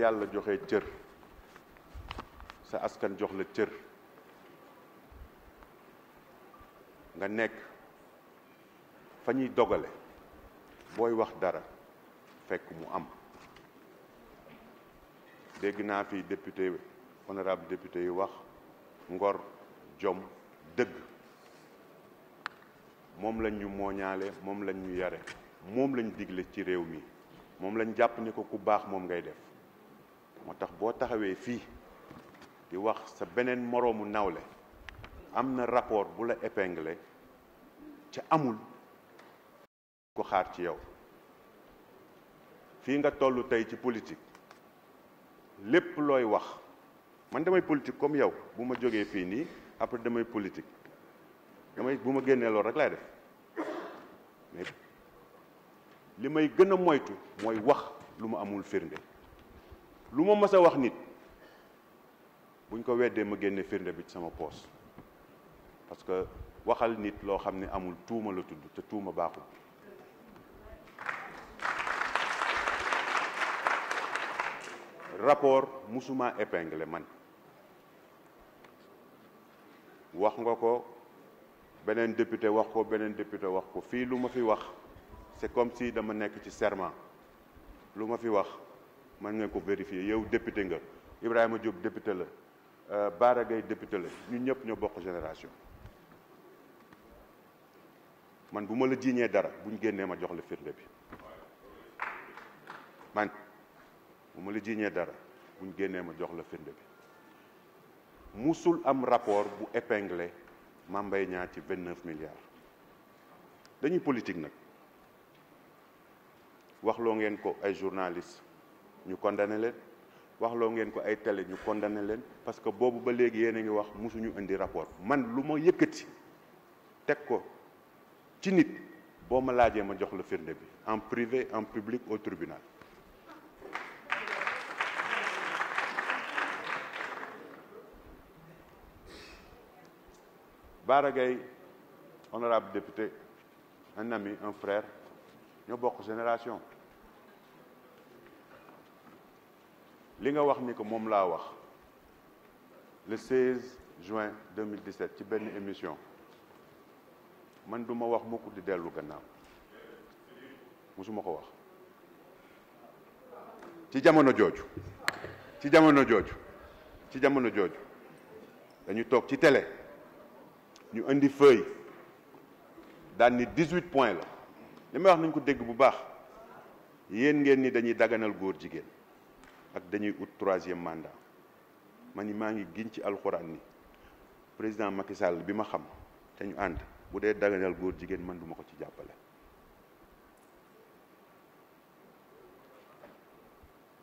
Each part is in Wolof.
yàlla joxe cër sa askan jox la cër nga nekk fa ñuy dogale booy wax dara fekk mu am dégg naa fi député honorable député yu wax ngor jom dëgg moom lañ ñu mooñaale moom lañ ñu yare moom lañ digle ci réew mi moom lañ jàpp ni ko ku baax moom ngay def moo tax boo taxawee fii di wax sa beneen moroomu nawle am na rapport bu la épinglé ca amul ko xaar ci yow fii nga toll tey ci politique lépp looy wax man damay politique comme yow bu ma jógee fii nii après damay politique damay bu ma génnee loolu rek laay def li may gën a moytu mooy wax lu ma amul firnde lu ma mës wax nit buñ ko weddee ma génné firnde bi ci sama poste parce que waxal nit lo xamné amul tuuma la tuddu te tuuma baaxul rapport musuma épinglé man wax nga ko député wax ko benen député wax ko fi luma fi wax c'est comme si dama nekk ci serment luma fi wax man ngeen ko vérifier yow député nga Ibrahima Diop député la euh, Bara Gaye député la ñun ñëpp ñoo bokk génération man bu ma la jiiñee dara buñu génné ma jox la firnde bi man bu ma la jiiñee dara buñu génné ma jox la firnde bi musul am rapport bu épinglé Mame Mbaye ci 29 milliards dañuy politique nak wax lo ngeen ko ay journalistes ñu condamné leen wax loo ko ay télé ñu condamné leen parce que boobu ba léegi yéen a ngi wax musuñu indi rapport man lu ma yëkkati teg ko ci nit boo ma laajee ma jox la firnde bi en privé en public au tribunal Baragay, honorable député un ami un frère ñoo bokk génération le 16 juin 2017 ci une émission man du le wax mukk di dellu je musuma ko wax ci jamono jooju ci jamono jooju ci jamono télé ni 18 points la limay wax nañ ko dégg bu ak dañuy ut troisième mandat ma ni maa ngi giñ ci alxuraan ni président Macky bi ma xam te ñu ànd bu dee daganal góor jigéen man duma ko ci jàppale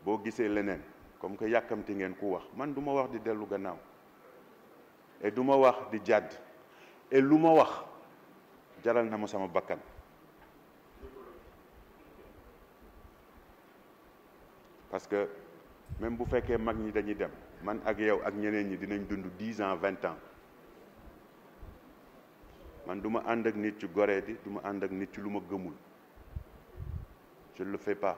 boo gisee leneen comme que yàkkamti ngeen ku wax man du ma wax di dellu gannaaw et du ma wax di jàdd et lu ma wax jalal na ma sama bakkan parce même bu fekkee mag ñi dañuy dem man ak yow ak ñeneen ñi dinañ dund dix ans vingt ans man duma ma ànd ak nit ci goree di du ma ànd ak nit ci lu ma gëmul ci lu le fais pas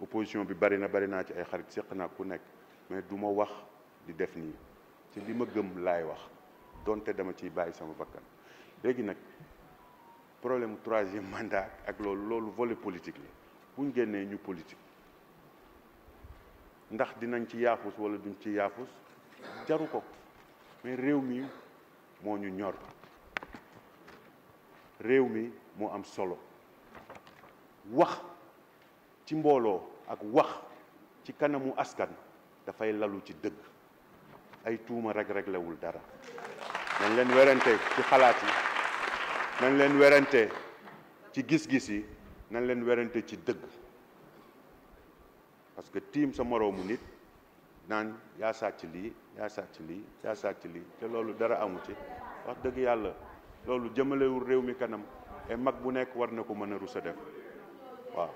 opposition bi bari na bari naa ci ay xarit séq naa ku nekk mais du ma wax di def nii ci li ma gëm laay wax donte dama ciy bàyyi sama bakkan léegi nag problème troisième mandat ak loolu loolu vole politique la bu ñu génnee ñu politique ndax dinañ ci yaafus walla duñ ci yaafus jaru ko mais réew mi moo ñu ñor réew mi mu am solo wax ci mbooloo ak wax ci kanamu askan dafay lalu ci dëgg ay tuuma rek réglewul dara nañ leen werante ci xalaat yi nañ leen werante ci gis-gis yi nañ leen werante ci dëgg parce que tiim sa moroomu nit naan yaa sàcc lii yaa sàcc lii yaa sàcc lii te loolu dara amu ci wax dëgg yàlla loolu jëmalewul réew mi kanam ay mag bu nekk war na ko mën a rus a def waaw